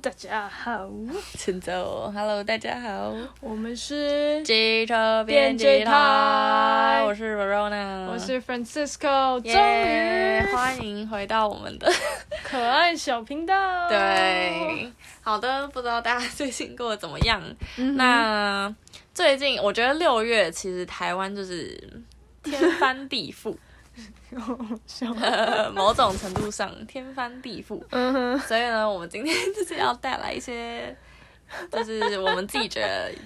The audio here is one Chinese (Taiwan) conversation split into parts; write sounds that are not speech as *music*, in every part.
大家好，請走。Hello 大家好，我們是劇透編輯台，ai, 我是 Verona，我是 Francisco，Yeah, 終於歡迎回到我們的可愛小頻道。對，好的，不知道大家最近過得怎麼樣？嗯、哼那最近我覺得六月其實台灣就是天翻地覆。 *laughs* *laughs* 笑某種程度上天翻地覆， *laughs* 所以呢，我們今天就是要帶來一些，就是我們記者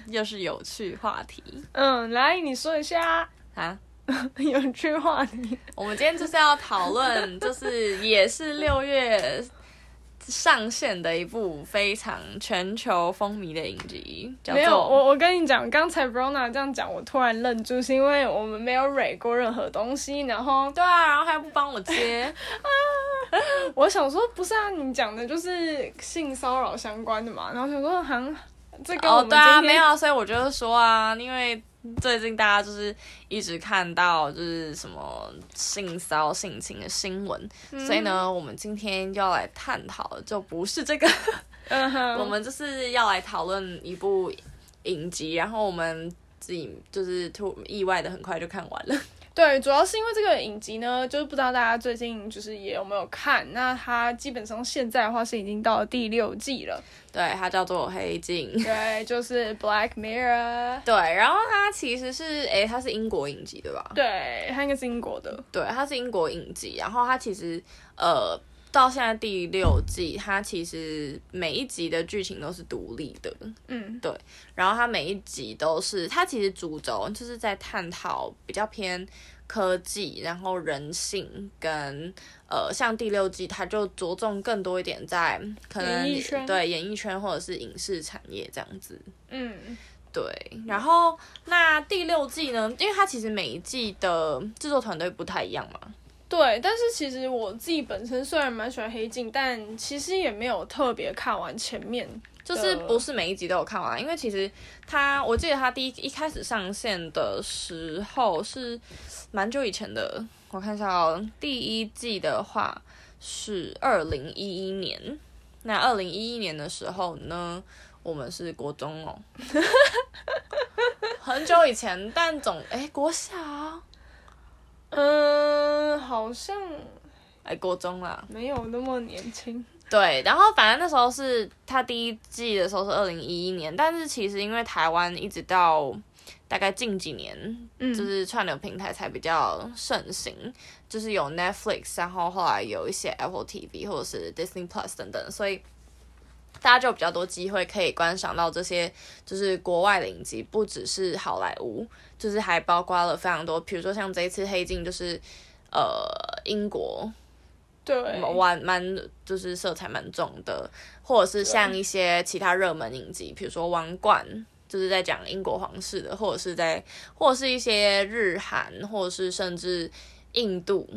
又是有趣話題。 *laughs* 嗯，來，你說一下啊， *laughs* 有趣話題。我們今天就是要討論，就是也是六月。上線的一部非常全球風靡的影集，沒有我我跟你講，剛才 Brona 這樣講，我突然愣住，是因為我們沒有雷過任何東西，然後對啊，然後還不幫我接 *laughs* 啊，我想說不是啊，你講的就是性騷擾相關的嘛，然後想說好像、嗯。這個。我、oh, 對啊沒有啊，所以我就說啊，因為。最近大家就是一直看到就是什麼性騷性情的新聞，嗯、所以呢，我們今天要來探討的，就不是這個，uh huh. *laughs* 我們就是要來討論一部影集，然後我們自己就是突意外的很快就看完了。對，主要是因為這個影集呢，就是不知道大家最近就是也有沒有看。那它基本上現在的話是已經到了第六季了。對，它叫做《黑鏡》，對，就是《Black Mirror》。對，然後它其實是，誒，它是英國影集，對吧？對，它應該是英國的。對，它是英國影集，然後它其實，呃。到現在第六季，它其實每一集的劇情都是獨立的，嗯，對。然後它每一集都是，它其實主軸就是在探討比較偏科技，然後人性跟呃，像第六季它就着重更多一點在可能演藝圈，對，演藝圈或者是影視產業這樣子，嗯，對。然後那第六季呢，因為它其實每一季的製作團隊不太一樣嘛。對，但是其實我自己本身雖然蠻喜歡黑鏡，但其實也沒有特別看完前面，就是不是每一集都有看完。因為其實它，我記得它第一一開始上線的時候是蠻久以前的，我看一下哦，第一季的話是二零一一年。那二零一一年的時候呢，我們是國中哦， *laughs* 很久以前，但總，誒，國小。嗯，uh, 好像哎，國中啦，沒有那麼年輕。對，然後反正那時候是他第一季的時候是二零一一年，但是其實因為台灣一直到大概近幾年，嗯，就是串流平台才比較盛行，就是有 Netflix，然後後來有一些 Apple TV 或者是 Disney Plus 等等，所以大家就有比較多機會可以觀賞到這些就是國外的影集，不只是好萊塢。就是還包括了非常多，比如說像這次黑鏡就是，呃，英國，對，蠻蠻就是色彩蠻重的，或者是像一些其他熱門影集，比對如說王冠，就是在講英國皇室的，或者是在，或者是一些日韓，或者是甚至印度，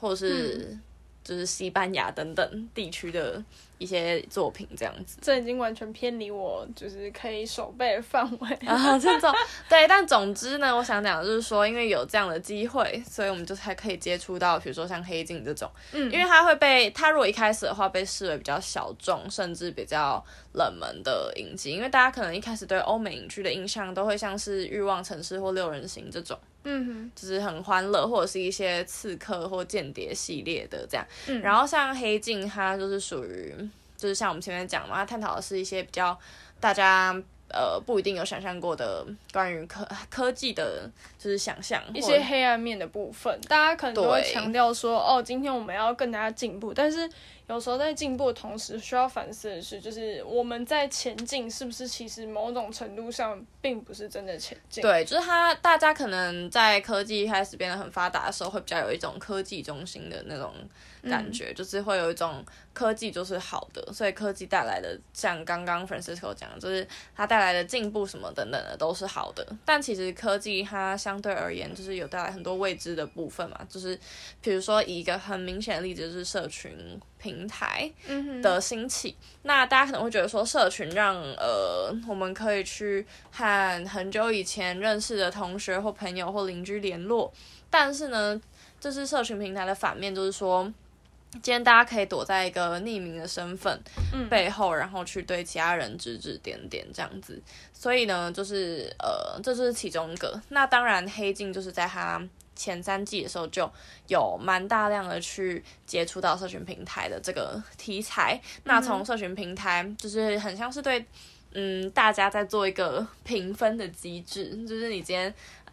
或者是。嗯就是西班牙等等地區的一些作品這樣子，這已經完全偏離我就是可以守備的範圍。然後、哦、這種 *laughs* 對，但總之呢，我想講就是說，因為有這樣的機會，所以我們就才可以接觸到，比如說像黑鏡這種，嗯，因為它會被它如果一開始的話，被視為比較小眾甚至比較冷門的影集，因為大家可能一開始對歐美影劇的印象都會像是慾望城市或六人行這種。嗯哼，就是很歡樂，或者是一些刺客或間諜系列的這樣。嗯。然後像《黑鏡》，它就是屬於，就是像我們前面講嘛，它探討的是一些比較大家呃不一定有想象過的關於科科技的，就是想象一些黑暗面的部分。大家可能都會強調說，對哦，今天我們要更加進步，但是。有時候在進步的同時，需要反思的是，就是我們在前進是不是其實某種程度上並不是真的前進。對，就是它大家可能在科技開始變得很發達的時候，會比較有一種科技中心的那種感覺，嗯、就是會有一種科技就是好的，所以科技帶來的像剛剛 Francisco 講的，就是它帶來的進步什麼等等的都是好的。但其實科技它相對而言，就是有帶來很多未知的部分嘛，就是比如說一個很明顯的例子就是社群，平台的興起，嗯、哼那大家可能會覺得說，社群讓呃我們可以去和很久以前認識的同學或朋友或鄰居聯絡，但是呢，這、就是社群平台的反面，就是說，今天大家可以躲在一個匿名的身份背後，嗯、然後去對其他人指指點點這樣子，所以呢，就是呃，這就是其中一個。那當然，黑鏡就是在他前三季的時候就有蠻大量的去接觸到社群平台的這個題材。那從社群平台就是很像是對嗯大家在做一個評分的機制，就是你今天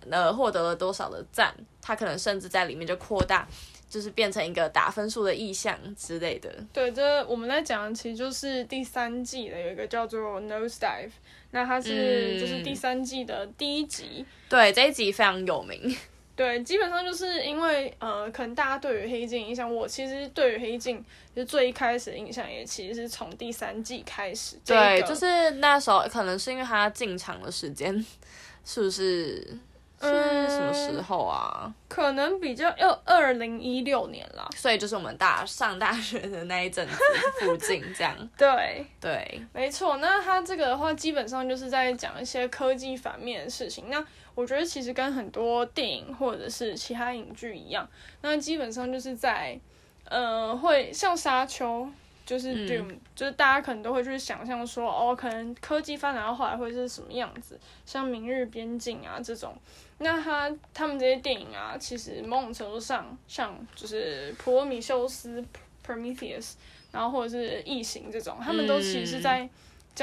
呃獲得了多少的讚，它可能甚至在裡面就擴大，就是變成一個打分數的意向之類的。對，這個、我們在講的其實就是第三季的有一個叫做 Nosedive，那它是就是第三季的第一集。嗯、對，這一集非常有名。對，基本上就是因為呃，可能大家對於黑鏡印象，我其實對於黑鏡就最一開始的印象也其實是從第三季開始。對，這個、就是那時候可能是因為他進場的時間是不是是什麼時候啊？嗯、可能比較要二零一六年了，所以就是我們大上大學的那一陣子附近這樣。對 *laughs* 對，對沒錯。那它這個的話，基本上就是在講一些科技反面的事情。那我覺得其實跟很多電影或者是其他影劇一樣，那基本上就是在，呃，會像沙丘，就是 Dune，、嗯、就是大家可能都會去想象說，哦，可能科技發展到後來會是什麼樣子，像明日邊境啊這種，那他他們這些電影啊，其實某種程度上，像就是普羅米修斯 （Prometheus），然後或者是異形這種，他們都其實在。嗯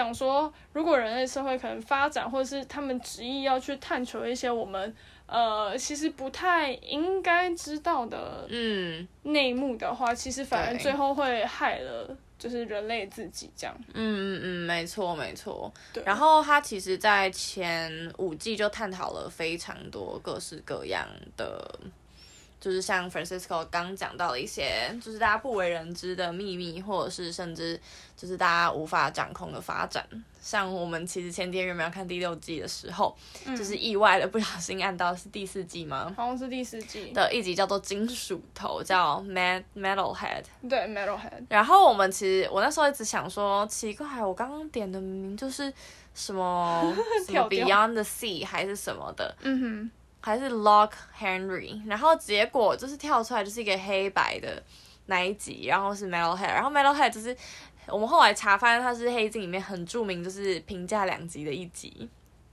講說，如果人類社會可能發展，或者是他們執意要去探求一些我們，呃，其實不太應該知道的，嗯，內幕的話，其實反而最後會害了，就是人類自己這樣嗯。嗯嗯嗯，沒錯沒錯。對然後他其實在前五季就探討了非常多各式各樣的。就是像 Francisco 剛講到了一些，就是大家不為人知的秘密，或者是甚至就是大家無法掌控的發展。像我們其實前天有沒有看第六季的時候，就是意外的不小心按到是第四季嗎？好像是第四季的一集叫做《金屬頭》，叫 Mad Metal Head。對，Metal Head。然後我們其實我那時候一直想說，奇怪，我剛剛點的明明就是什麼什麼 Beyond the Sea 還是什麼的。嗯哼。還是 Lock Henry，然後結果就是跳出來就是一個黑白的那一集，然後是 Metalhead，然後 Metalhead 就是我們後來查發現它是黑鏡裡面很著名，就是評價兩極的一集。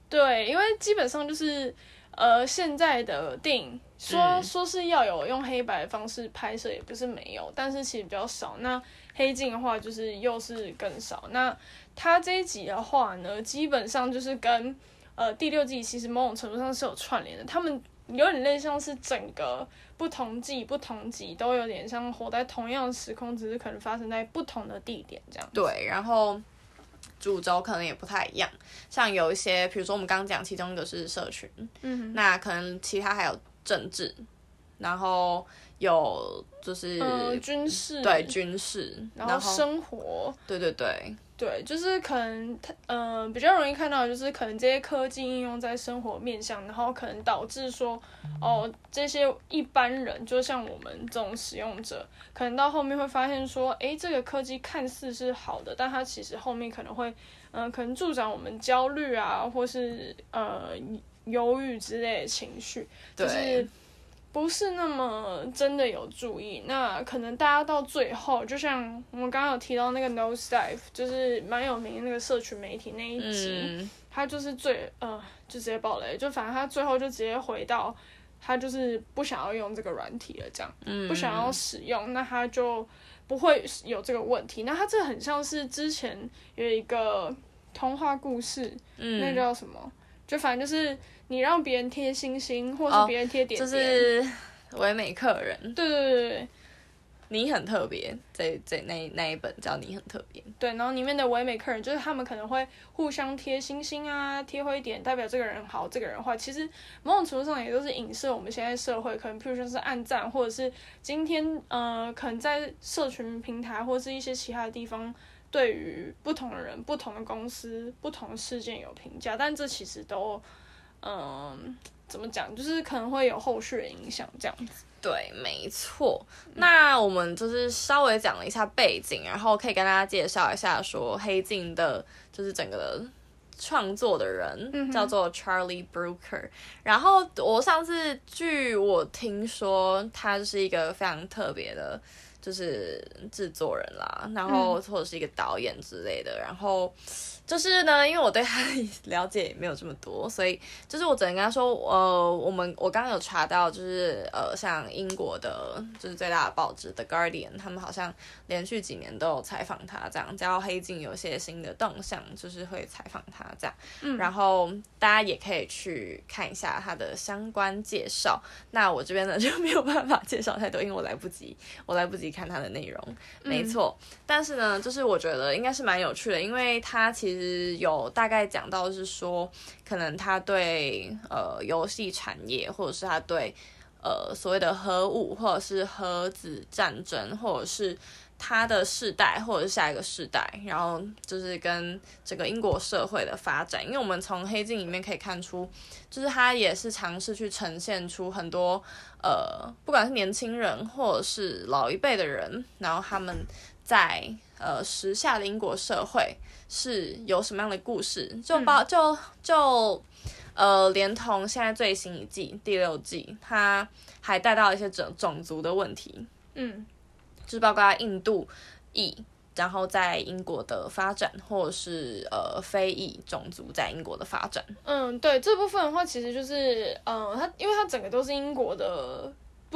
對，因為基本上就是呃現在的電影是說說是要有用黑白的方式拍攝也不是沒有，但是其實比較少。那黑鏡的話就是又是更少。那他這一集的話呢，基本上就是跟。呃，第六季其實某種程度上是有串聯的，他們有點類似，像是整個不同季、不同集都有點像活在同樣的時空，只是可能發生在不同的地點這樣。對，然後主軸可能也不太一樣，像有一些，比如說我們剛講，其中一個是社群，嗯哼，那可能其他還有政治，然後有就是、呃、軍事，對軍事，然後生活，對對對。對，就是可能他，嗯、呃，比較容易看到就是可能這些科技應用在生活面向，然後可能導致說，哦，這些一般人，就像我們這種使用者，可能到後面會發現說，哎、欸，這個科技看似是好的，但它其實後面可能會，嗯、呃，可能助長我們焦慮啊，或是呃，憂鬱之類的情緒，對就是。不是那麼真的有注意，那可能大家到最後，就像我們剛剛有提到那個 Nosedive，就是蠻有名的那個社群媒體那一集，嗯、他就是最呃，就直接爆雷，就反正他最後就直接回到他就是不想要用這個軟體了，這樣、嗯，不想要使用，那他就不會有這個問題。那他這很像是之前有一個童話故事，嗯、那叫什麼？就反正就是你讓別人貼星星，或是別人貼點，點，oh, 就是唯美客人，對對對，你很特別。這這那一那一本叫你很特別，對，然後裡面的唯美客人就是他們可能會互相貼星星啊，貼灰點，代表這個人好，這個人壞。其實某種程度上也都是影射我們現在社會，可能譬如說是按讚，或者是今天呃，可能在社群平台或是一些其他的地方。對於不同的人、不同的公司、不同的事件，有評價，但這其實都，嗯，怎麼講？就是可能會有後續的影響，這樣子。對，沒錯。嗯、那我們就是稍微講了一下背景，然後可以跟大家介紹一下，說黑鏡的，就是整個創作的人、嗯、哼叫做 Charlie Brooker。然後我上次據我聽說，他是一個非常特別的。就是製作人啦，然後或者是一個導演之類的，嗯、然後就是呢，因為我對他了解也沒有這麼多，所以就是我只能跟他說，呃，我們我剛剛有查到，就是呃，像英國的，就是最大的報紙 The Guardian，他們好像連續幾年都有採訪他，這樣，只要黑鏡有些新的動向，就是會採訪他這樣，嗯、然後大家也可以去看一下他的相關介紹。那我這邊呢就沒有辦法介紹太多，因為我來不及，我來不及。看它的內容，沒錯，嗯、但是呢，就是我覺得應該是蠻有趣的，因為它其實有大概講到是說，可能他對呃遊戲產業，或者是他對呃所謂的核武，或者是核子戰爭，或者是。他的世代，或者是下一個世代，然後就是跟整個英國社會的發展，因為我們從黑鏡裡面可以看出，就是他也是嘗試去呈現出很多呃，不管是年輕人或者是老一輩的人，然後他們在呃時下的英國社會是有什麼樣的故事，就包、嗯、就就呃連同現在最新一季第六季，他還帶到了一些種種族的問題，嗯。就是包括印度裔，然後在英國的發展，或者是呃非裔種族在英國的發展。嗯，對，這部分的話，其實就是，嗯，它因為它整個都是英國的。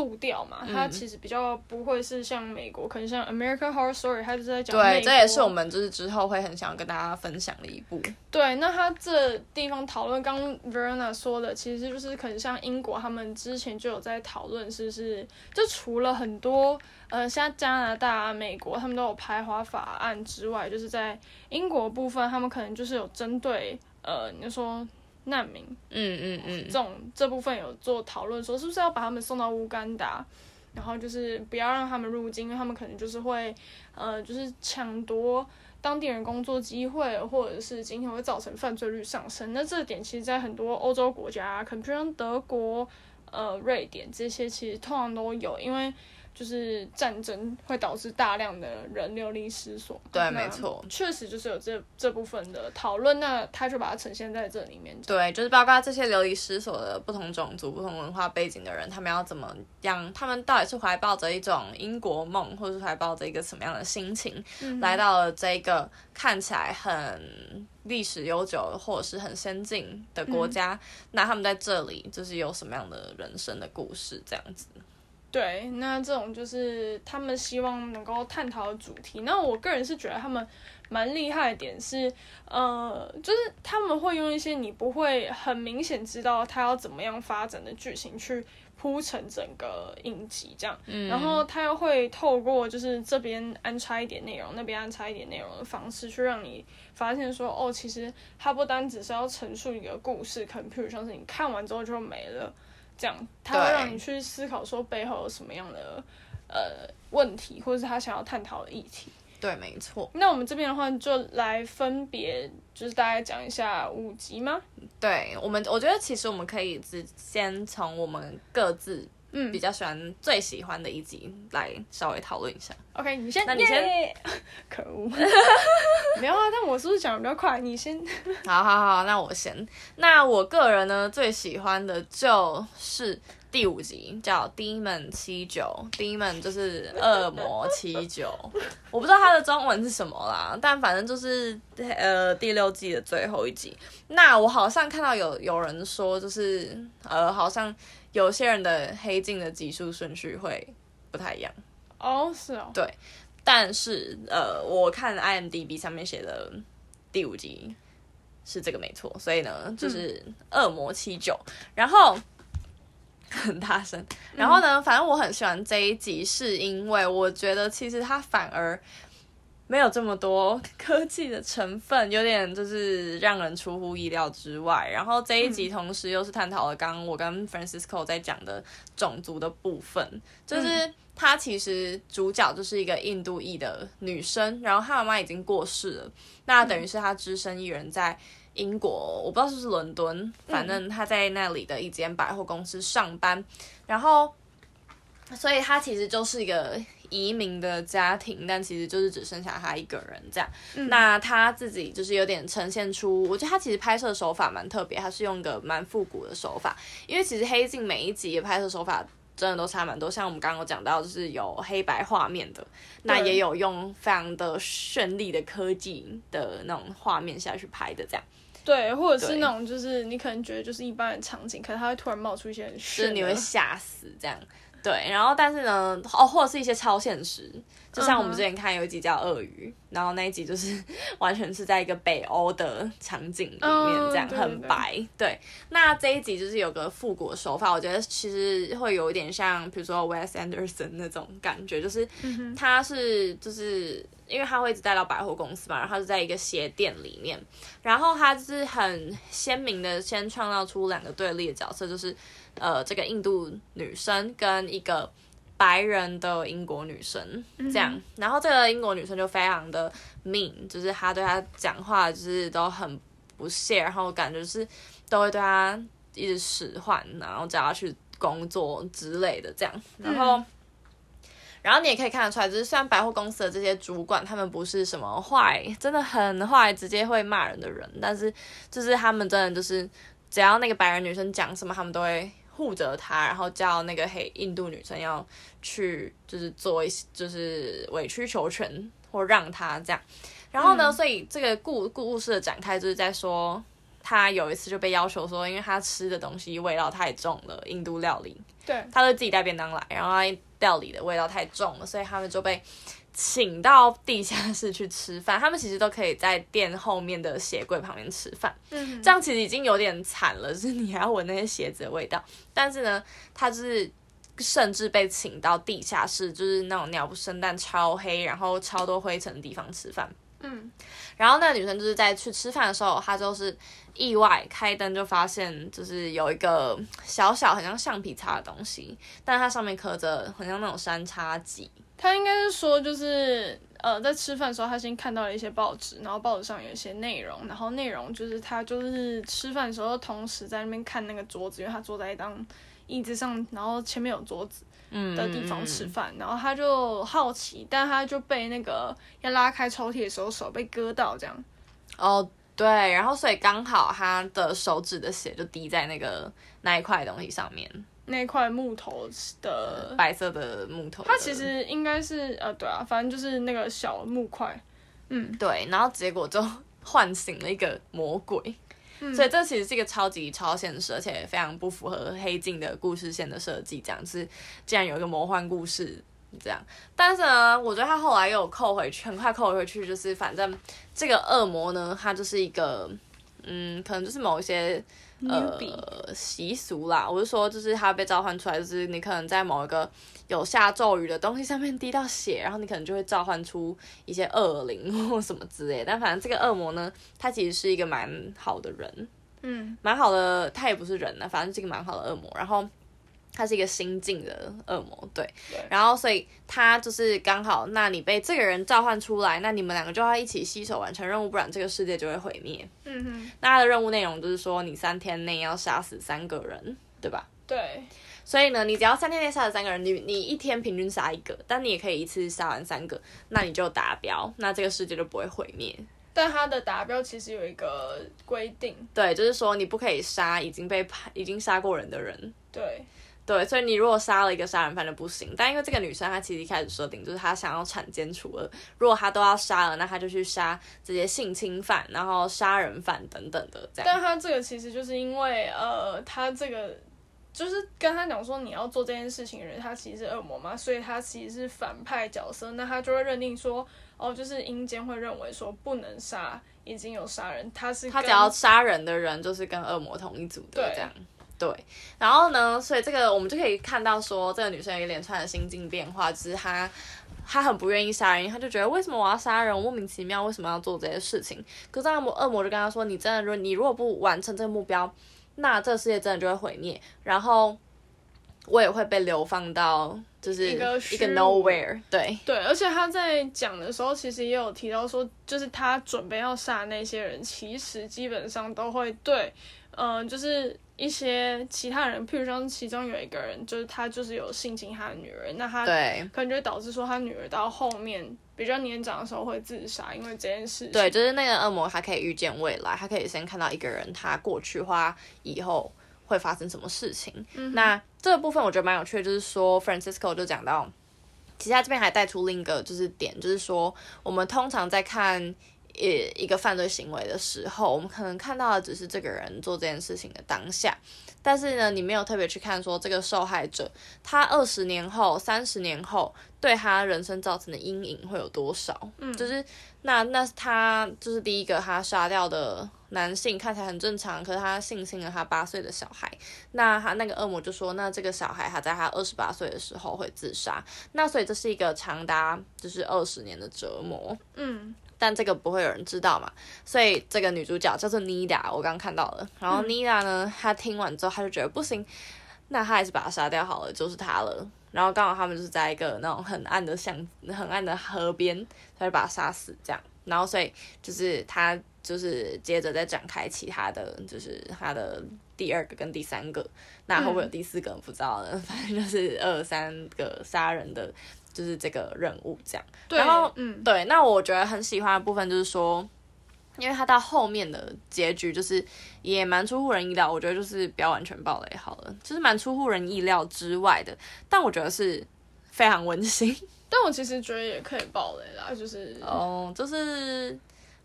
步調嘛，它其實比較不會是像美國，嗯、可能像 American Horror Story，它就是在講。對，這也是我們就是之後會很想跟大家分享的一部。對，那它這地方討論，剛剛 Verona 說的，其實就是可能像英國，他們之前就有在討論，是不是就除了很多呃，像加拿大、啊、美國，他們都有排華法案之外，就是在英國部分，他們可能就是有針對呃，你就說。難民，嗯嗯嗯，嗯嗯，這種這部分有做討論，說是不是要把他們送到烏干達，然後就是不要讓他們入境，因為他們可能就是會，呃，就是搶奪當地人工作機會，或者是今天會造成犯罪率上升。那這點其實，在很多歐洲國家，可能就像德國、呃、瑞典這些，其實通常都有，因為。就是戰爭會導致大量的人流離失所，對，那沒錯，確實就是有這這部分的討論。那他就把它呈現在這裡面，對，就是包括這些流離失所的不同種族、不同文化背景的人，他們要怎麼樣？他們到底是懷抱着一種英國夢，或者是懷抱着一個什麼樣的心情，嗯、哼來到了這一個看起來很歷史悠久或者是很先進的國家？嗯、哼那他們在這裡就是有什麼樣的人生的故事？這樣子。對，那這種就是他們希望能夠探討的主題。那我個人是覺得他們蠻厲害的點是，呃，就是他們會用一些你不會很明顯知道他要怎麼樣發展的劇情去鋪陳整個影集這樣，嗯，然後他又會透過就是這邊安插一點內容，那邊安插一點內容的方式去讓你發現說，哦，其實他不單只是要陳述一個故事，可能比如像是你看完之後就沒了。這樣，他會讓你去思考說背後有什麼樣的對呃問題，或者是他想要探討的議題。對，沒錯。那我們這邊的話，就來分別就是大概講一下五集嗎？對，我們我覺得其實我們可以只先從我們各自。嗯，比較喜歡最喜歡的一集來稍微討論一下。OK，你先，那你先。可惡！沒有啊， *laughs* 但我是不是講比較快？你先。好好好，那我先。那我個人呢，最喜歡的就是第五集，叫《Demon 七九》，Demon 就是惡魔七九。 *laughs* 我不知道它的中文是什麼啦，但反正就是呃第六季的最後一集。那我好像看到有有人說，就是呃好像。有些人的黑鏡的集數順序會不太一樣哦，oh, 是哦，對，但是呃，我看 IMDB 上面寫的第五集是這個沒錯，所以呢，就是惡魔七九，嗯、然後很大聲，然後呢，嗯、反正我很喜歡這一集，是因為我覺得其實它反而。沒有這麼多科技的成分，有點就是讓人出乎意料之外。然後這一集同時又是探討了剛剛我跟 Francisco 在講的種族的部分，嗯、就是他其實主角就是一個印度裔的女生，然後她媽媽已經過世了，那等於是她只身一人在英國，我不知道是不是倫敦，反正他在那裡的一間百貨公司上班，然後，所以他其實就是一個。移民的家庭，但其實就是只剩下他一個人這樣。嗯、那他自己就是有點呈現出，我覺得他其實拍攝手法蠻特別，他是用個蠻復古的手法。因為其實《黑鏡》每一集的拍攝手法真的都差蠻多，像我們剛剛有講到，就是有黑白畫面的，對那也有用非常的絢麗的科技的那種畫面下去拍的這樣。對，或者是那種就是對你可能覺得就是一般的場景，可能它會突然冒出一些事，就是你會嚇死這樣。對，然後但是呢，哦，或者是一些超現實。就像我們之前看有一集叫《鱷魚》，Uh huh. 然後那一集就是完全是在一個北歐的場景裡面，這樣很白。Uh huh. 對，那這一集就是有個復古的手法，我覺得其實會有一點像，比如說 Wes Anderson 那種感覺，就是他是就是因為他會一直帶到百貨公司嘛，然後他是在一個鞋店裡面，然後他是很鮮明的先創造出兩個對立的角色，就是呃這個印度女生跟一個。白人的英國女生、嗯哼這樣，然後這個英國女生就非常的 mean，就是她對他講話就是都很不屑，然後感覺是都會對他一直使喚，然後叫他去工作之類的這樣。然後，嗯、然後你也可以看得出來，就是雖然百貨公司的這些主管他們不是什麼壞，真的很壞，直接會罵人的人，但是就是他們真的就是只要那個白人女生講什麼，他們都會。護着他，然後叫那個黑印度女生要去，就是做一些，就是委曲求全或讓他這樣。然後呢，嗯、所以這個故故事的展開就是在說，他有一次就被要求說，因為他吃的東西味道太重了，印度料理。對，他都自己帶便當來，然後他料理的味道太重了，所以他們就被。請到地下室去吃飯，他們其實都可以在店後面的鞋櫃旁邊吃飯。嗯，這樣其實已經有點慘了，就是你還要聞那些鞋子的味道。但是呢，他就是甚至被請到地下室，就是那種鳥不生蛋，但超黑，然後超多灰塵的地方吃飯。嗯，然後那女生就是在去吃飯的時候，她就是意外開燈就發現，就是有一個小小很像橡皮擦的東西，但是它上面刻着很像那種三叉戟。他應該是說，就是呃，在吃飯的時候，他先看到了一些報紙，然後報紙上有一些內容，然後內容就是他就是吃飯的時候同時在那邊看那個桌子，因為他坐在一張椅子上，然後前面有桌子的地方吃飯，嗯，然後他就好奇，但他就被那個要拉開抽屜的時候手被割到，這樣。哦，對，然後所以剛好他的手指的血就滴在那個那一塊東西上面。那塊木頭的白色的木頭的，它其實應該是呃，對啊，反正就是那個小木塊，嗯，對，然後結果就喚醒了一個魔鬼，嗯，所以這其實是一個超級超現實，而且非常不符合黑鏡的故事線的設計，這樣子竟然有一個魔幻故事這樣，但是呢，我覺得他後來又扣回去，很快扣回去，就是反正這個惡魔呢，他就是一個。嗯，可能就是某一些，呃習俗啦。我是說，就是他被召喚出來，就是你可能在某一個有下咒語的東西上面滴到血，然後你可能就會召喚出一些惡靈或什麼之類。但反正這個惡魔呢，他其實是一個蠻好的人，嗯，蠻好的，他也不是人啊，反正是一個蠻好的惡魔。然後。他是一個新晉的惡魔，對，對，然後所以他就是剛好，那你被這個人召喚出來，那你們兩個就要一起攜手完成任務，不然這個世界就會毀滅。嗯哼。那他的任務內容就是說，你三天內要殺死三個人，對吧？對。所以呢，你只要三天內殺死三個人，你你一天平均殺一個，但你也可以一次殺完三個，那你就達標，那這個世界就不會毀滅。但他的達標其實有一個規定，對，就是說你不可以殺已經被判已經殺過人的人，對。對，所以你如果殺了一個殺人犯就不行，但因為這個女生她其實一開始設定就是她想要鏟奸除惡，如果她都要殺了，那她就去殺這些性侵犯，然後殺人犯等等的這樣。但她這個其實就是因為呃，她這個就是跟她講說你要做這件事情的人，她其實是惡魔嘛，所以她其實是反派角色，那她就會認定說，哦，就是陰間會認為說不能殺已經有殺人，她是她只要殺人的人就是跟惡魔同一組的對這樣。對，然後呢？所以這個我們就可以看到說，說這個女生有一連串的心境變化，就是她、她很不願意殺人，她就覺得為什麼我要殺人？我莫名其妙為什麼要做這些事情？可是那魔惡魔就跟她說：“你真的，如果你如果不完成這個目標，那這個世界真的就會毀滅，然後我也會被流放到就是一個一個 nowhere。對”對對，而且他在講的時候，其實也有提到說，就是他準備要殺那些人，其實基本上都會。對，嗯，就是。一些其他人，譬如說其中有一個人，就是他就是有性侵他的女兒，那他可能就會導致說他女兒到後面對比較年長的時候會自殺，因為這件事情。對，就是那個惡魔，他可以預見未來，他可以先看到一個人他過去或以後會發生什麼事情。嗯、哼那這個部分我覺得蠻有趣的，就是說 Francisco 就講到，其實他這邊還帶出另一個就是點，就是說我們通常在看。呃，一個犯罪行為的時候，我們可能看到的只是這個人做這件事情的當下，但是呢，你沒有特別去看說這個受害者他二十年後、三十年後對他人生造成的陰影會有多少。嗯，就是那那他就是第一個他殺掉的男性看起來很正常，可是他性侵了他八歲的小孩。那他那個惡魔就說：“那這個小孩他在他二十八歲的時候會自殺。”那所以這是一個長達就是二十年的折磨。嗯。嗯但這個不會有人知道嘛，所以這個女主角叫做 Nida 我剛剛看到了。然後 Nida 呢，嗯、她聽完之後，她就覺得不行，那她還是把他殺掉好了，就是她了。然後剛好他們就是在一個那種很暗的巷、很暗的河邊，就把他殺死這樣。然後所以就是她就是接着再展開其他的，就是她的第二個跟第三個。那會不會有第四個？不知道了，嗯、反正就是二三個殺人的。就是這個任務這樣，對然後嗯，對，那我覺得很喜歡的部分就是說，因為他到後面的結局就是也蠻出乎人意料，我覺得就是不要完全爆雷好了，就是蠻出乎人意料之外的，但我覺得是非常溫馨。但我其實覺得也可以爆雷啦，就是哦，oh, 就是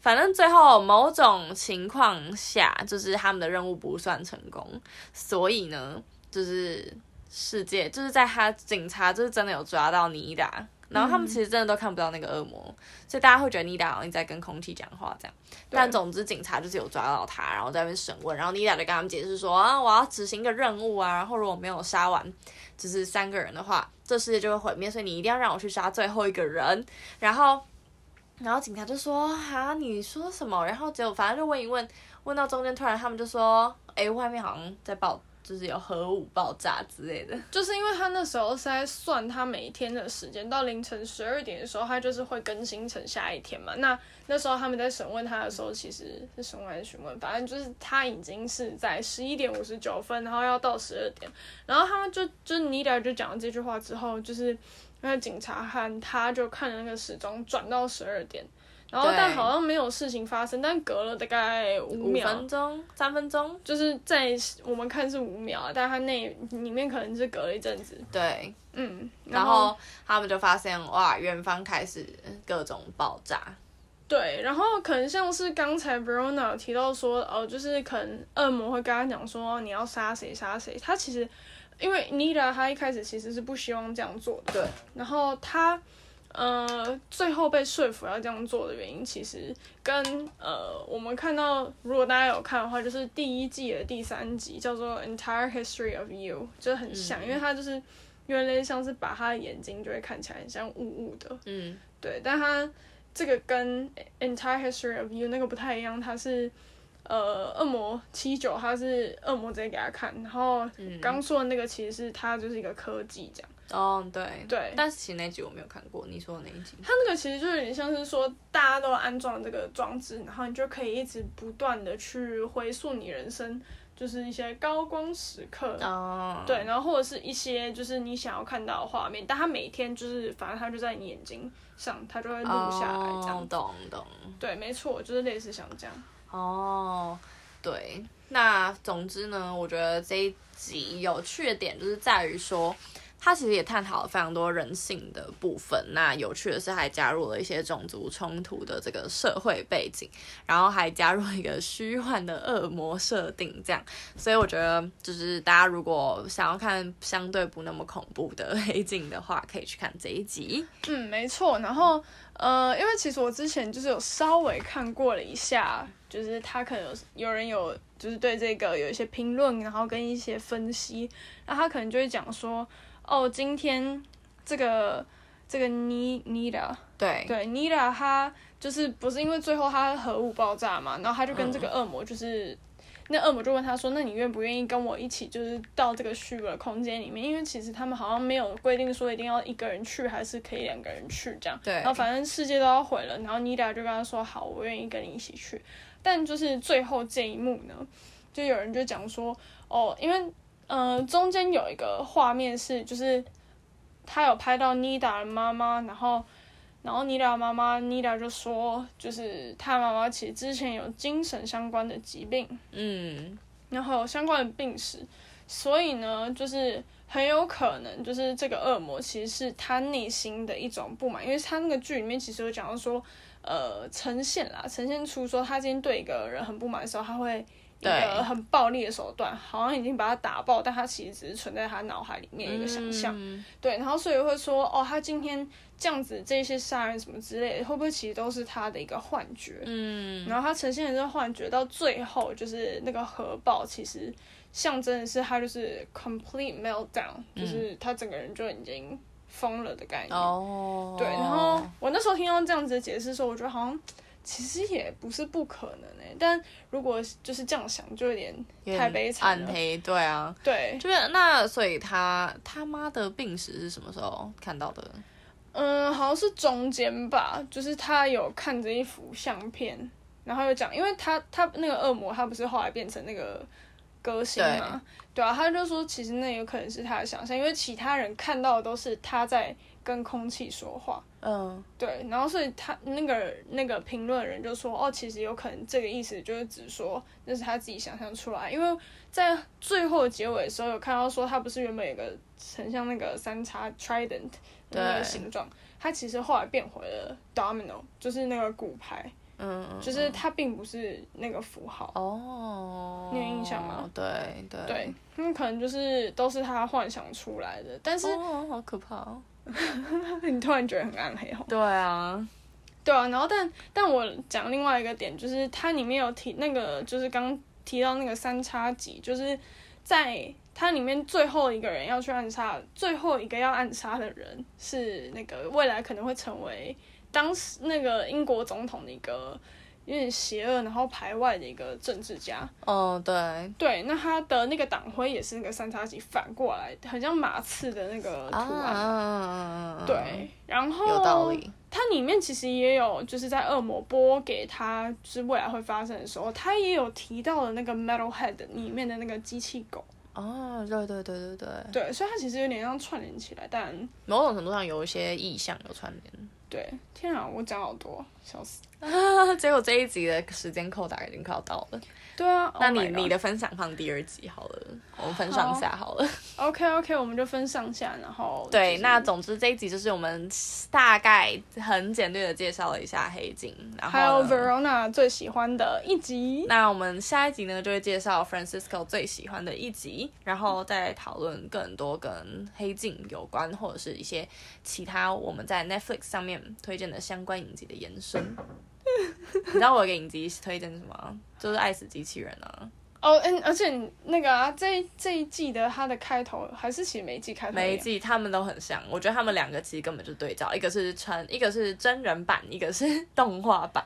反正最後某種情況下，就是他們的任務不算成功，所以呢，就是。世界就是在他警察就是真的有抓到妮達、嗯，然後他們其實真的都看不到那個惡魔，所以大家會覺得妮達好像在跟空氣講話這樣。對但總之警察就是有抓到他，然後在那邊審問，然後妮達就跟他們解釋說啊，我要執行一個任務啊，然後如果沒有殺完就是三個人的話，這世界就會毀滅，所以你一定要讓我去殺最後一個人。然後然後警察就說哈，你說什麼？然後就反正就問一問，問到中間突然他們就說，哎，外面好像在爆。就是有核武爆炸之類的，就是因為他那時候是在算他每一天的時間，到凌晨十二點的時候，他就是會更新成下一天嘛。那那時候他們在審問他的時候，其實是審問還是詢問，反正就是他已經是在十一點五十九分，然後要到十二點，然後他們就就你倆就講了這句話之後，就是那個警察和他就看着那個時鐘轉到十二點。然後，但好像沒有事情發生。對，但隔了大概五秒鐘，三分鐘，分鐘就是在我們看是五秒，但他那裡面可能是隔了一陣子。對，嗯，然後，然後他們就發現哇，遠方開始各種爆炸。對，然後可能像是剛才 Brona 提到說，哦、呃，就是可能惡魔會跟他講說，你要殺誰殺誰。他其實因為 Nita 他一開始其實是不希望這樣做。對，然後他。呃，最後被說服要這樣做的原因，其實跟呃我們看到，如果大家有看的話，就是第一季的第三集叫做 Entire History of You，就很像，mm hmm. 因為它就是原來像是把他的眼睛就會看起來很像霧霧的，嗯、mm，hmm. 對。但他這個跟 Entire History of You 那個不太一樣，他是呃惡魔七九，他是惡魔直接給他看，然後剛說的那個其實是他、mm hmm. 就是一個科技這樣。哦，oh, 對，對，但是其實那集我沒有看過，你說的那一集，它那個其實就有點像是說，大家都安裝這個裝置，然後你就可以一直不斷的去回溯你人生，就是一些高光時刻哦，oh. 對，然後或者是一些就是你想要看到的畫面，但它每天就是，反正它就在你眼睛上，它就會錄下來，這樣，懂、oh, 懂，懂對，沒錯，就是類似像這樣，哦，oh, 對，那總之呢，我覺得這一集有趣的點就是在於說。他其實也探討了非常多人性的部分。那有趣的是，還加入了一些種族衝突的這個社會背景，然後還加入了一個虛幻的惡魔設定，這樣。所以我覺得，就是大家如果想要看相對不那麼恐怖的黑鏡的話，可以去看這一集。嗯，沒錯。然後，呃，因為其實我之前就是有稍微看過了一下，就是他可能有，有人有就是對這個有一些評論，然後跟一些分析，那他可能就會講說。哦，oh, 今天這個這個妮妮達，對，對，妮達她就是不是因為最後她核武爆炸嘛？然後她就跟這個惡魔就是，嗯、那惡魔就問他說，那你願不願意跟我一起，就是到這個虛無的空間裡面？因為其實他們好像沒有規定說一定要一個人去，還是可以兩個人去這樣。對，然後反正世界都要毀了，然後妮達就跟他說，好，我願意跟你一起去。但就是最後這一幕呢，就有人就講說，哦，因為。嗯、呃，中間有一個畫面是，就是他有拍到妮達的媽媽，然後，然後妮達媽媽，妮達就說，就是她媽媽其實之前有精神相關的疾病，嗯，然後相關的病史，所以呢，就是很有可能就是這個惡魔其實是他內心的一種不滿，因為他那個劇裡面其實有講到說，呃，呈現啦，呈現出說他今天對一個人很不滿的時候，他會。對一個很暴力的手段，好像已經把他打爆，但他其實只是存在他腦海裡面的一個想象。嗯、對，然後所以會說，哦，他今天這樣子，這些殺人什麼之類會不會其實都是他的一個幻覺？嗯，然後他呈現的這個幻覺，到最後就是那個核爆，其實象徵的是他就是 complete meltdown，、嗯、就是他整個人就已經瘋了的感覺、哦、對，然後我那時候聽到這樣子的解釋的時候，我覺得好像。其實也不是不可能誒、欸，但如果就是這樣想，就有點太悲慘了。暗黑，對啊，對，就是那，所以他他媽的病史是什麼時候看到的？嗯，好像是中間吧，就是他有看着一幅相片，然後又講，因為他他那個惡魔，他不是後來變成那個歌星嗎？對，對啊，他就說其實那有可能是他的想象，因為其他人看到的都是他在跟空氣說話。嗯，對，然後所以他那個那個評論人就說，哦，其實有可能這個意思就是只說那是他自己想象出來，因為在最後結尾的時候有看到說他不是原本有個很像那個三叉 trident 的那個形狀，對他其實後來變回了 domino 就是那個骨牌，嗯，就是他並不是那個符號哦，你有印象嗎？對對對，嗯，可能就是都是他幻想出來的，但是哦哦好可怕哦。 *laughs* 你突然覺得很暗黑，對啊，對啊。然後但，但但我講另外一個點，就是它裡面有提那個，就是剛提到那個三叉戟，就是在它裡面最後一個人要去暗殺，最後一個要暗殺的人是那個未來可能會成為當時那個英國總統的一個。有點邪惡，然後排外的一個政治家。哦，對，對，那他的那個黨徽也是那個三叉戟反過來，很像馬刺的那個圖案。嗯、oh, 對，然後有道理。它裡面其實也有，就是在惡魔播給他、就是未來會發生的時候，他也有提到了那個 Metal Head 裡面的那個機器狗。哦，oh, 對,對對對對對。對，所以它其實有點像串聯起來，但某種程度上有一些意象有串聯。對，天啊，我講好多。笑死！ *laughs* 結果這一集的時間扣打已經快要到了。對啊，那你、oh、你的分享放第二集好了，我們分上下好了好、啊。OK OK，我們就分上下，然後、就是、對，那總之這一集就是我們大概很簡略的介紹了一下黑鏡，然後還有 Verona 最喜歡的一集。那我們下一集呢，就會介紹 Francisco 最喜歡的一集，然後再討論更多跟黑鏡有關、嗯、或者是一些其他我們在 Netflix 上面推薦的相關影集的延伸。 *laughs* 你知道我給你推薦什麼？就是愛死機器人啊。哦，嗯，而且那個啊，這這一季的它的開頭還是寫每一季開頭。每一季他們都很像，我覺得他們兩個其實根本就對照，一個是穿，一個是真人版，一個是動畫版。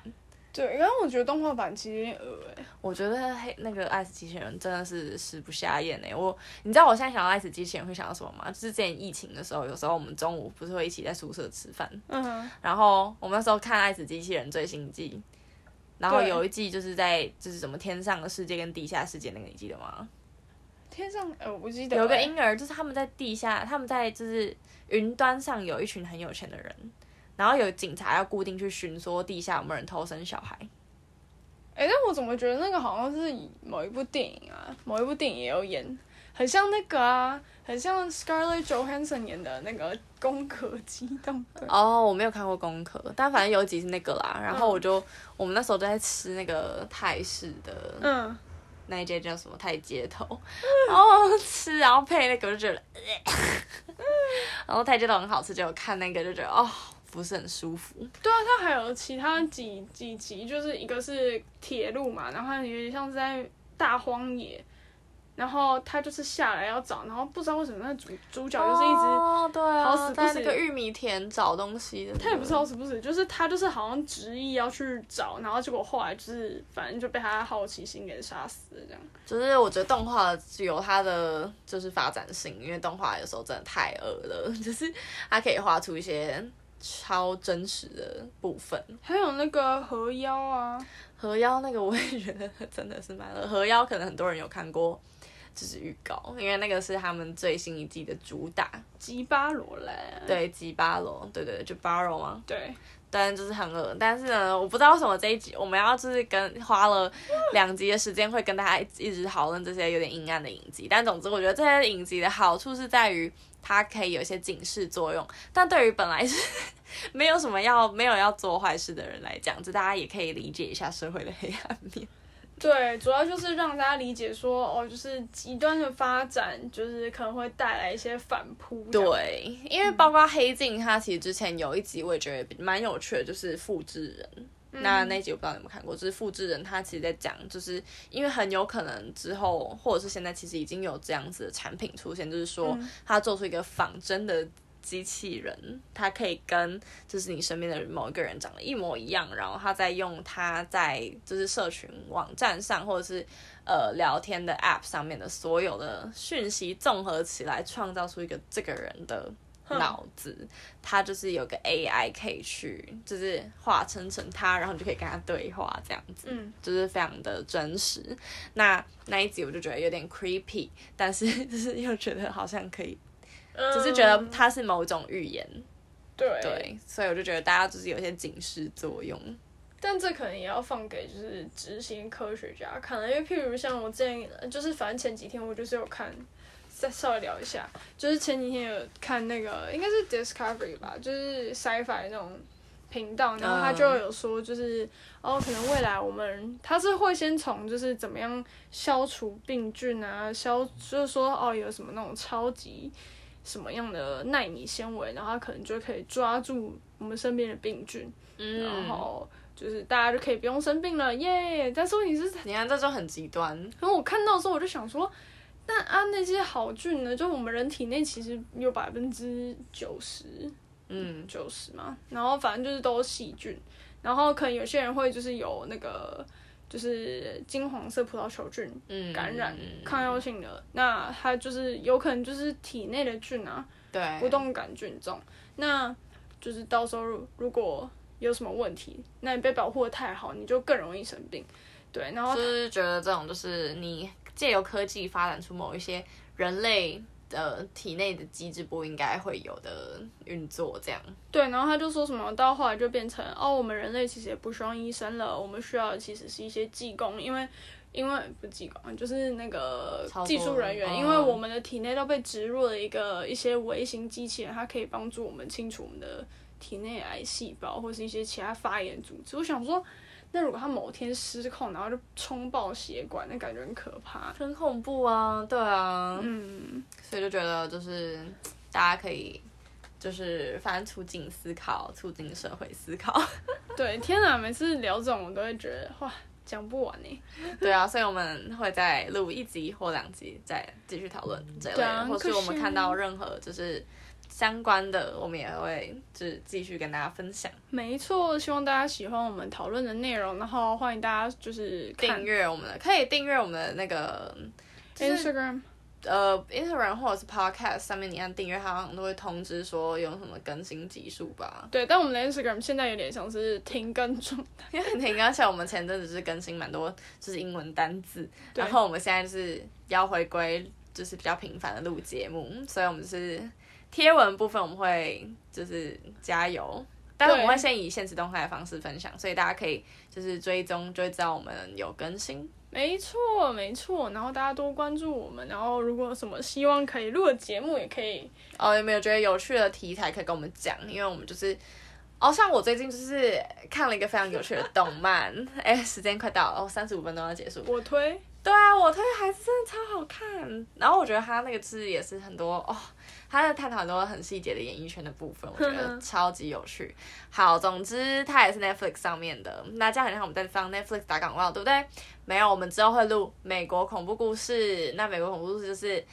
對，因為我覺得動畫版其實有點我覺得黑那個愛死機器人真的是食不下嚥哎！我你知道我現在想到愛死機器人會想到什麼嗎？就是之前疫情的時候，有時候我們中午不是會一起在宿舍吃飯，嗯哼，然後我們那時候看《愛死機器人》最新季，然後有一季就是在就是什麼天上的世界跟地下世界那個，你記得嗎？天上，我不記得。有個嬰兒，就是他們在地下，他們在就是雲端上有一群很有錢的人，然後有警察要固定去巡說地下有沒有人偷生小孩。哎、欸，但我怎麼覺得那個好像是以某一部電影啊？某一部電影也有演，很像那個啊，很像 Scarlett Johansson 演的那個功課《攻殼機動隊》。哦，我沒有看過《攻殼》，但反正有一集是那個啦。然後我就，嗯、我們那時候都在吃那個泰式的，嗯，那一間叫什麼泰街頭，嗯、然後吃，然後配那個就覺得，然後泰街頭很好吃，就看那個就覺得哦。不是很舒服。對啊，他還有其他幾幾集，就是一個是鐵路嘛，然後有點像是在大荒野，然後他就是下來要找，然後不知道為什麼那主主角就是一直、哦、對啊，好死不死在那個玉米田找東西的，他也不知道是好死不死，就是他就是好像執意要去找，然後結果後來就是反正就被他好奇心給殺死了，這樣。就是我覺得動畫有它的就是發展性，因為動畫有時候真的太惡了，就是它可以畫出一些。超真實的部分，還有那個河妖啊，河妖那個我也覺得真的是蠻惡。河妖可能很多人有看過，就是預告，因為那個是他們最新一季的主打。吉巴羅嘞，對，吉巴羅，對對，對，就巴羅嘛？對，但就是很惡。但是呢，我不知道為什麼這一集我們要就是跟花了兩集的時間會跟大家一直一直討論這些有點陰暗的影集。但總之，我覺得這些影集的好處是在於它可以有一些警示作用。但對於本來是。沒有什麼要沒有要做壞事的人來講，就大家也可以理解一下社會的黑暗面。對，主要就是讓大家理解說，哦，就是極端的發展，就是可能會帶來一些反撲。對，因為包括《黑鏡》，嗯，它其實之前有一集我也覺得蠻有趣的，就是複製人。嗯、那那集我不知道你們看過，就是複製人，他其實在講，就是因為很有可能之後，或者是現在其實已經有這樣子的產品出現，就是說他做出一個仿真的。機器人，它可以跟就是你身邊的某一個人長得一模一樣，然後它在用它在就是社群網站上或者是呃聊天的 App 上面的所有的訊息綜合起來，創造出一個這個人的腦子。它、嗯、就是有個 AI 可以去就是化成成他，然後你就可以跟他對話，這樣子，嗯、就是非常的真實。那那一集我就覺得有點 creepy，但是就是又覺得好像可以，只是覺得它是某種預言，um, 對，對，所以我就覺得大家只是有一些警示作用。但這可能也要放給就是執行科學家看，因為譬如像我之前就是反正前幾天我就是有看，再稍微聊一下，就是前幾天有看那個應該是 Discovery 吧，就是 Sci-Fi 那種頻道，然後他就有說就是、um, 哦，可能未來我們他是會先從就是怎麼樣消除病菌啊，消就是說哦有什麼那種超級。什麼樣的奈米纖維，然後它可能就可以抓住我們身邊的病菌，嗯、然後就是大家就可以不用生病了、嗯、耶！但是問題是，你看這就很極端。然後我看到的時候，我就想說，那啊那些好菌呢？就我們人體內其實有百分之九十，嗯，九十、嗯、嘛。然後反正就是都是細菌，然後可能有些人會就是有那個。就是金黃色葡萄球菌感染抗藥性的，嗯、那它就是有可能就是體內的菌啊，不對動桿菌這種，那就是到時候如果有什麼問題，那你被保護的太好，你就更容易生病。對，然後就是，是覺得這種就是你借由科技發展出某一些人類。的、呃、體內的機制，不應該會有的運作這樣。對，然後他就說什麼，到後來就變成哦，我們人類其實也不需要醫生了，我們需要其實是一些技工，因為因為不技工就是那個技術人員，人因為我們的體內都被植入了一個一些微型機器人，它可以幫助我們清除我們的體內癌細胞或是一些其他發炎組織。我想說。那如果他某天失控，然後就衝爆血管，那感覺很可怕，很恐怖啊！對啊，嗯，所以就覺得就是大家可以就是反正促進思考，促進社會思考。對，天哪，每次聊這種我都會覺得哇，講不完呢、欸。對啊，所以我們會再錄一集或兩集再繼續討論這類、嗯、或是我們看到任何就是。相關的，我們也會就是繼續跟大家分享。沒錯，希望大家喜歡我們討論的內容，然後歡迎大家就是訂閱我們的，可以訂閱我們的那個、就是、Instagram，呃，Instagram 或者是 podcast 上面你按訂閱，它好像都會通知說有什麼更新集數吧。對，但我們的 Instagram 現在有點像是停更狀態，因為停更起來， *laughs* 我們前陣子是更新蠻多，就是英文單字，對然後我們現在就是要回歸，就是比較頻繁的錄節目，所以我們、就是。貼文部分我們會就是加油，但是我們會先以限時動態的方式分享，對所以大家可以就是追蹤，就會知道我們有更新。沒錯沒錯，然後大家多關注我們，然後如果有什麼希望可以錄的節目也可以哦，有沒有覺得有趣的題材可以跟我們講？因為我們就是哦，像我最近就是看了一個非常有趣的動漫，誒、 *laughs* 欸，時間快到了哦，三十五分鐘要結束。我推對啊，我推還是真的超好看，然後我覺得他那個字也是很多哦。他在探討很多很細節的演藝圈的部分，我覺得超級有趣。好，總之它也是 Netflix 上面的，那這樣很像我們在放 Netflix 打廣告，對不對？沒有，我們之後會錄美國恐怖故事。那美國恐怖故事就是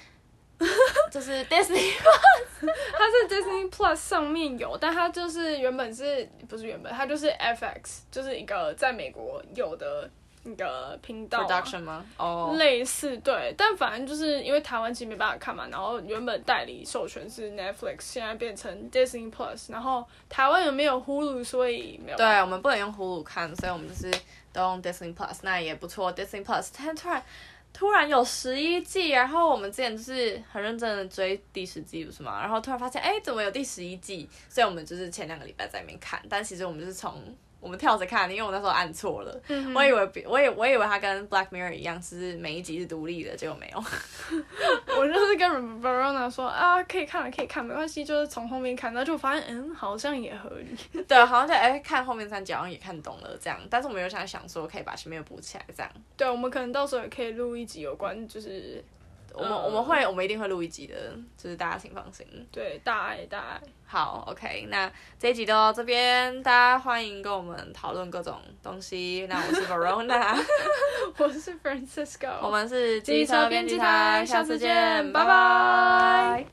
*laughs* 就是 Disney Plus，它是 *laughs* Disney Plus 上面有，但它就是原本是，不是原本，它就是 FX，就是一個在美國有的。那個頻道、啊，Production 嗎 oh. 類似。對，但反正就是因為台灣其實沒辦法看嘛，然後原本代理授權是 Netflix，現在變成 Disney Plus，然後台灣有沒有 Hulu？所以沒有。對，我們不能用 Hulu 看，所以我們就是都用 Disney Plus，那也不錯。Disney Plus 但突然突然有十一季，然後我們之前就是很認真的追第十季，不是嗎？然後突然發現，哎，怎麼有第十一季？所以我們就是前兩個禮拜在那邊看，但其實我們就是從。我們跳着看，因為我那時候按錯了，嗯、哼我以為，我我以為它跟《Black Mirror》一樣是每一集是獨立的，結果沒有。我就是跟 Verona 說啊，可以看了，可以看，沒關係，就是從後面看，然後就發現，嗯，好像也合理。對，好像在哎、欸，看後面三集好像也看懂了這樣，但是我沒有想想說，可以把前面補起來這樣。對，我們可能到時候也可以錄一集有關，嗯、就是。我們、um, 我們會，我們一定會錄一集的，就是大家請放心。對，大愛大愛。好，OK，那這一集到這邊，大家歡迎跟我們討論各種東西。那我是 Varona， *laughs* 我是 Francisco， *laughs* 我們是機車編輯台，下次見，拜拜。